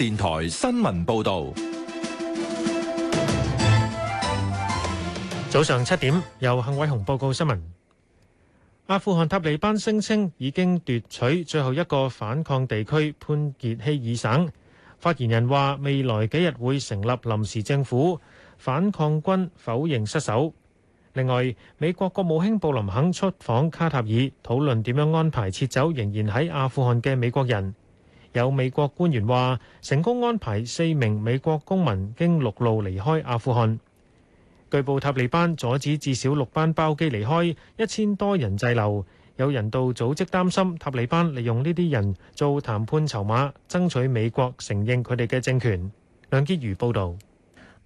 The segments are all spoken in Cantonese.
電台新聞報道：早上七點，由幸偉雄報告新聞。阿富汗塔利班聲稱已經奪取最後一個反抗地區潘傑希爾省。發言人話：未來幾日會成立臨時政府。反抗軍否認失守。另外，美國國務卿布林肯出訪卡塔爾，討論點樣安排撤走仍然喺阿富汗嘅美國人。有美國官員話，成功安排四名美國公民經陸路離開阿富汗。據報塔利班阻止至少六班包機離開，一千多人滯留。有人道組織擔心塔利班利用呢啲人做談判籌碼，爭取美國承認佢哋嘅政權。梁潔如報導，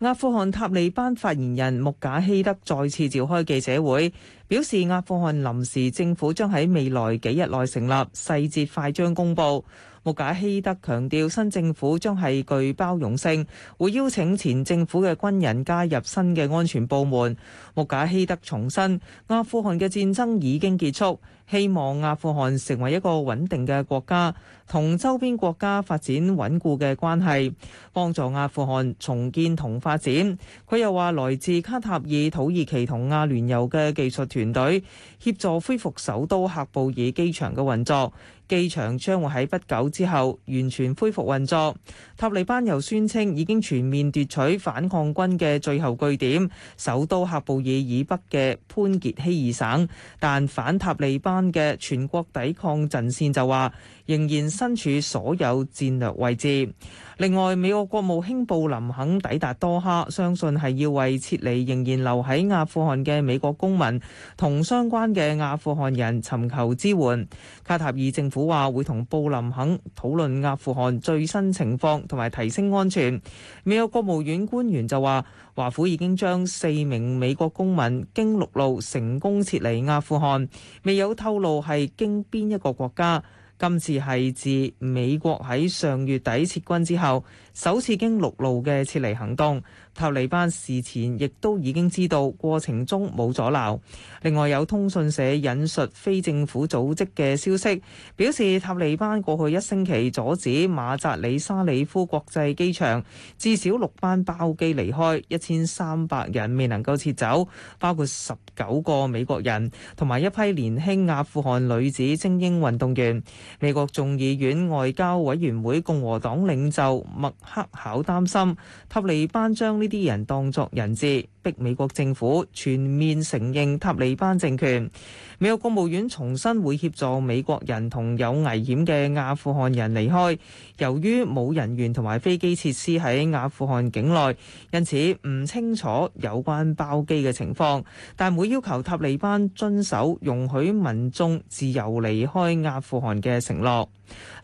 阿富汗塔利班發言人穆賈希德再次召開記者會。表示阿富汗臨時政府將喺未來幾日內成立，細節快將公布。穆賈希德強調新政府將係具包容性，會邀請前政府嘅軍人加入新嘅安全部門。穆賈希德重申阿富汗嘅戰爭已經結束，希望阿富汗成為一個穩定嘅國家，同周邊國家發展穩固嘅關係，幫助阿富汗重建同發展。佢又話來自卡塔爾、土耳其同阿聯酋嘅技術團隊協助恢復首都喀布爾機場嘅運作。機場將會喺不久之後完全恢復運作。塔利班又宣稱已經全面奪取反抗軍嘅最後據點，首都喀布爾以北嘅潘傑希爾省。但反塔利班嘅全國抵抗陣線就話，仍然身處所有戰略位置。另外，美國國務卿布林肯抵達多哈，相信係要為撤離仍然留喺阿富汗嘅美國公民同相關嘅阿富汗人尋求支援。卡塔爾政府府話會同布林肯討論阿富汗最新情況同埋提升安全。美國國務院官員就話，華府已經將四名美國公民經陸路成功撤離阿富汗，未有透露係經邊一個國家。今次係自美國喺上月底撤軍之後，首次經陸路嘅撤離行動。塔利班事前亦都已經知道，過程中冇阻撓。另外有通訊社引述非政府組織嘅消息，表示塔利班過去一星期阻止馬扎里沙里夫國際機場至少六班包機離開，一千三百人未能夠撤走，包括十九個美國人同埋一批年輕阿富汗女子精英運動員。美國眾議院外交委員會共和黨領袖麥克考擔心塔利班將呢啲人當作人質，逼美國政府全面承認塔利班政權。美國國務院重新會協助美國人同有危險嘅阿富汗人離開。由於冇人員同埋飛機設施喺阿富汗境內，因此唔清楚有關包機嘅情況，但會要求塔利班遵守容許民眾自由離開阿富汗嘅承諾。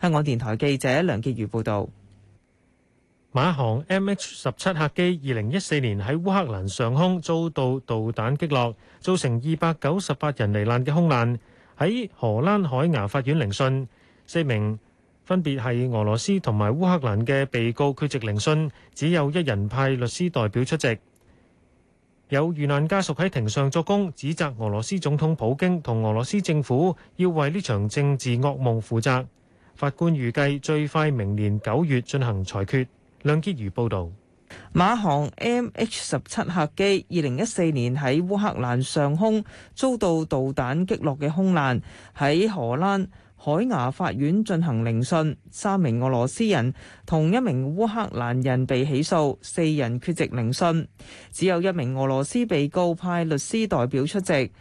香港電台記者梁潔如報導。馬航 MH 十七客機二零一四年喺烏克蘭上空遭到導彈擊落，造成二百九十八人罹難嘅空難。喺荷蘭海牙法院聆訊，四名分別係俄羅斯同埋烏克蘭嘅被告缺席聆訊，只有一人派律師代表出席。有遇難家屬喺庭上作供，指責俄羅斯總統普京同俄羅斯政府要為呢場政治噩夢負責。法官預計最快明年九月進行裁決。梁潔儀報道，馬航 MH17 客機二零一四年喺烏克蘭上空遭到導彈擊落嘅空難，喺荷蘭海牙法院進行聆訊，三名俄羅斯人同一名烏克蘭人被起訴，四人缺席聆訊，只有一名俄羅斯被告派律師代表出席。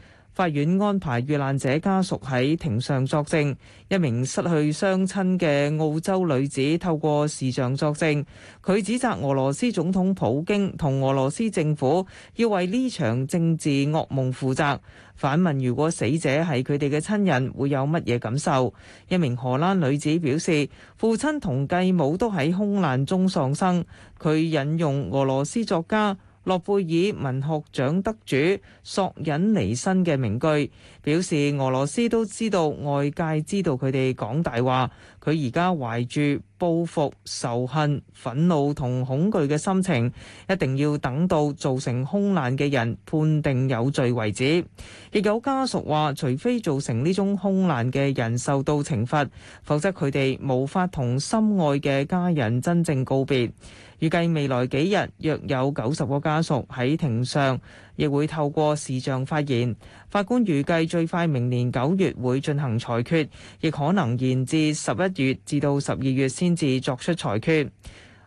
法院安排遇難者家屬喺庭上作證。一名失去雙親嘅澳洲女子透過視像作證，佢指責俄羅斯總統普京同俄羅斯政府要為呢場政治噩夢負責，反問如果死者係佢哋嘅親人，會有乜嘢感受？一名荷蘭女子表示，父親同繼母都喺空難中喪生。佢引用俄羅斯作家，諾貝爾文學獎得主索引尼辛嘅名句表示：俄羅斯都知道外界知道佢哋講大話，佢而家懷住報復、仇恨、憤怒同恐懼嘅心情，一定要等到造成空難嘅人判定有罪為止。亦有家屬話：除非造成呢種空難嘅人受到懲罰，否則佢哋無法同心愛嘅家人真正告別。預計未來幾日，約有九十個家屬喺庭上，亦會透過視像發言。法官預計最快明年九月會進行裁決，亦可能延至十一月至到十二月先至作出裁決。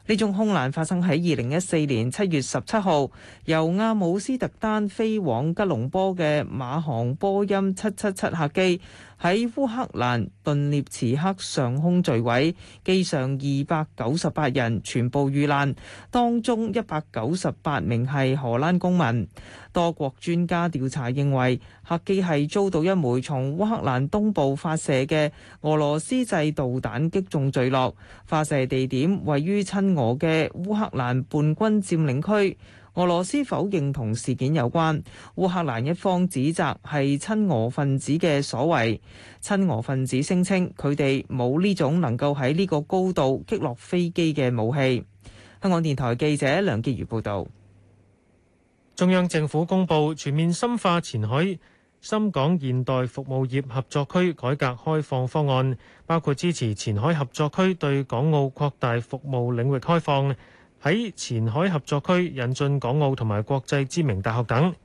呢宗空難發生喺二零一四年七月十七號，由阿姆斯特丹飛往吉隆坡嘅馬航波音七七七客機。喺烏克蘭頓涅茨克上空墜毀，機上二百九十八人全部遇難，當中一百九十八名係荷蘭公民。多國專家調查認為，客機係遭到一枚從烏克蘭東部發射嘅俄羅斯製導彈擊中墜落，發射地點位於親俄嘅烏克蘭叛軍佔領區。俄羅斯否認同事件有關，烏克蘭一方指責係親俄分子嘅所為。親俄分子聲稱佢哋冇呢種能夠喺呢個高度擊落飛機嘅武器。香港電台記者梁潔如報導。中央政府公布全面深化前海深港現代服務業合作區改革開放方案，包括支持前海合作區對港澳擴大服務領域開放。喺前海合作區引進港澳同埋國際知名大學等，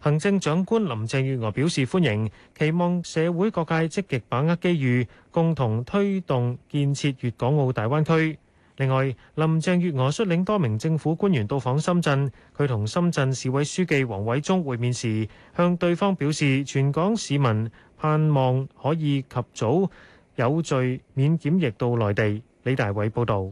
行政長官林鄭月娥表示歡迎，期望社會各界積極把握機遇，共同推動建設粵港澳大灣區，另外，林鄭月娥率領多名政府官員到訪深圳，佢同深圳市委書記王偉中會面時向對方表示全港市民盼望可以及早有序免檢疫到內地。李大偉報道。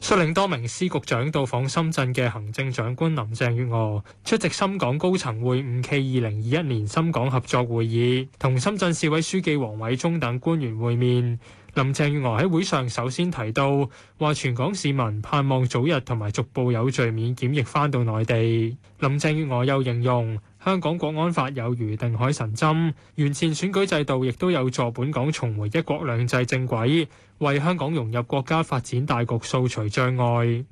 率領多名司局長到訪深圳嘅行政長官林鄭月娥出席深港高層會晤暨二零二一年深港合作會議，同深圳市委書記王偉中等官員會面。林鄭月娥喺會上首先提到，話全港市民盼望早日同埋逐步有序免檢疫返到內地。林鄭月娥又形容，香港國安法有如定海神針，完善選舉制度亦都有助本港重回一國兩制正軌，為香港融入國家發展大局掃除障礙。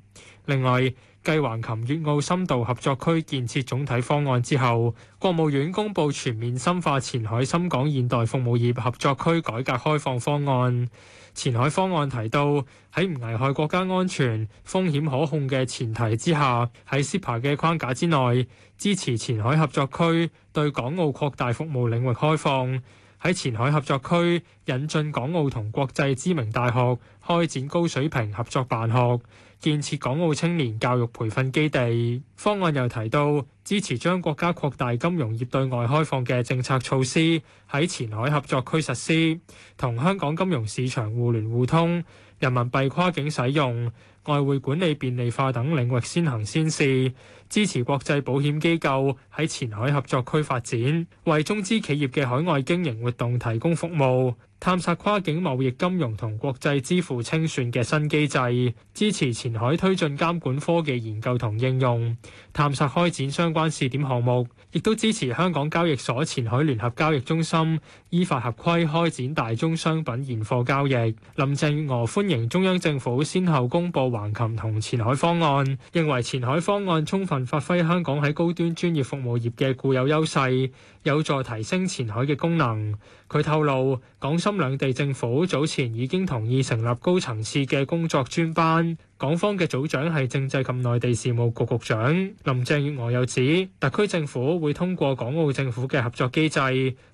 另外，繼橫琴粵澳深度合作區建設總體方案之後，國務院公佈全面深化前海深港現代服務業合作區改革開放方案。前海方案提到，喺唔危害國家安全、風險可控嘅前提之下，喺 SIPA 嘅框架之內，支持前海合作區對港澳擴大服務領域開放。喺前海合作區引進港澳同國際知名大學，開展高水平合作辦學，建設港澳青年教育培訓基地。方案又提到，支持將國家擴大金融業對外開放嘅政策措施喺前海合作區實施，同香港金融市場互聯互通、人民幣跨境使用、外匯管理便利化等領域先行先試，支持國際保險機構喺前海合作區發展，為中資企業嘅海外經營活動提供服務。探索跨境貿易、金融同國際支付清算嘅新機制，支持前海推進監管科技研究同應用，探索開展相關試點項目，亦都支持香港交易所前海聯合交易中心依法合規開展大宗商品現貨交易。林鄭月娥歡迎中央政府先後公佈橫琴同前海方案，認為前海方案充分發揮香港喺高端專業服務業嘅固有優勢，有助提升前海嘅功能。佢透露，港。兩地政府早前已經同意成立高層次嘅工作專班，港方嘅組長係政制及內地事務局局長林鄭月娥，又指特區政府會通過港澳政府嘅合作機制，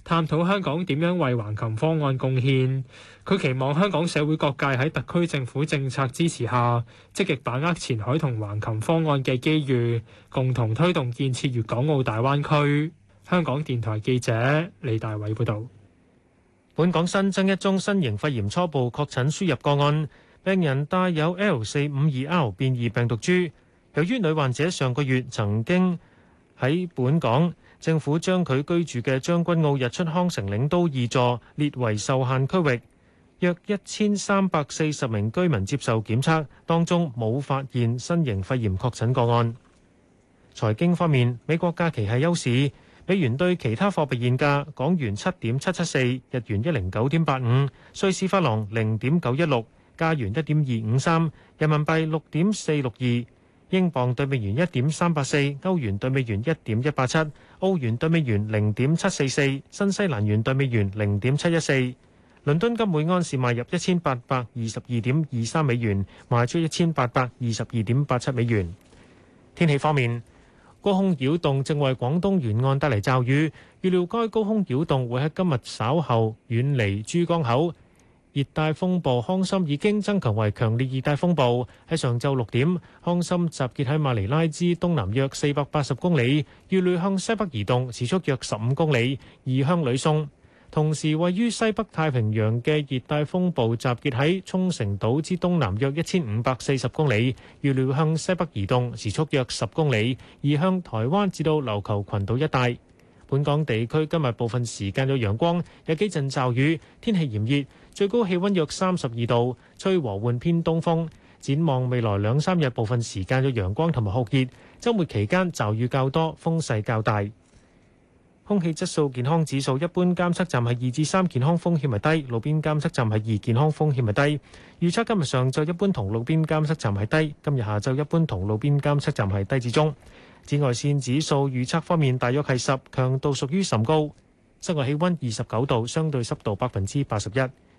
探討香港點樣為橫琴方案貢獻。佢期望香港社會各界喺特區政府政策支持下，積極把握前海同橫琴方案嘅機遇，共同推動建設粵港澳大灣區。香港電台記者李大偉報導。本港新增一宗新型肺炎初步確診輸入個案，病人帶有 L 四五二 R 變異病毒株。由於女患者上個月曾經喺本港，政府將佢居住嘅將軍澳日出康城領都二座列為受限區域。約一千三百四十名居民接受檢測，當中冇發現新型肺炎確診個案。財經方面，美國假期係休市。美元兌其他貨幣現價：港元七點七七四，日元一零九點八五，瑞士法郎零點九一六，加元一點二五三，人民幣六點四六二，英鎊對美元一點三八四，歐元對美元一點一八七，澳元對美元零點七四四，新西蘭元對美元零點七一四。倫敦金每盎司賣入一千八百二十二點二三美元，賣出一千八百二十二點八七美元。天氣方面，高空擾動正為廣東沿岸帶嚟驟雨，預料該高空擾動會喺今日稍後遠離珠江口。熱帶風暴康森已經增強為強烈熱帶風暴，喺上晝六點，康森集結喺馬尼拉之東南約四百八十公里，預料向西北移動，時速約十五公里，移向呂宋。同時，位於西北太平洋嘅熱帶風暴集結喺沖繩島之東南約一千五百四十公里，預料向西北移動，時速約十公里，移向台灣至到琉球群島一帶。本港地區今日部分時間有陽光，有幾陣驟雨，天氣炎熱，最高氣溫約三十二度，吹和緩偏東風。展望未來兩三日，部分時間有陽光同埋酷熱，周末期間驟雨較多，風勢較大。空氣質素健康指數一般監測站係二至三，健康風險係低；路邊監測站係二，健康風險係低。預測今日上晝一般同路邊監測站係低，今日下晝一般同路邊監測站係低至中。紫外線指數預測方面，大約係十，強度屬於甚高。室外氣溫二十九度，相對濕度百分之八十一。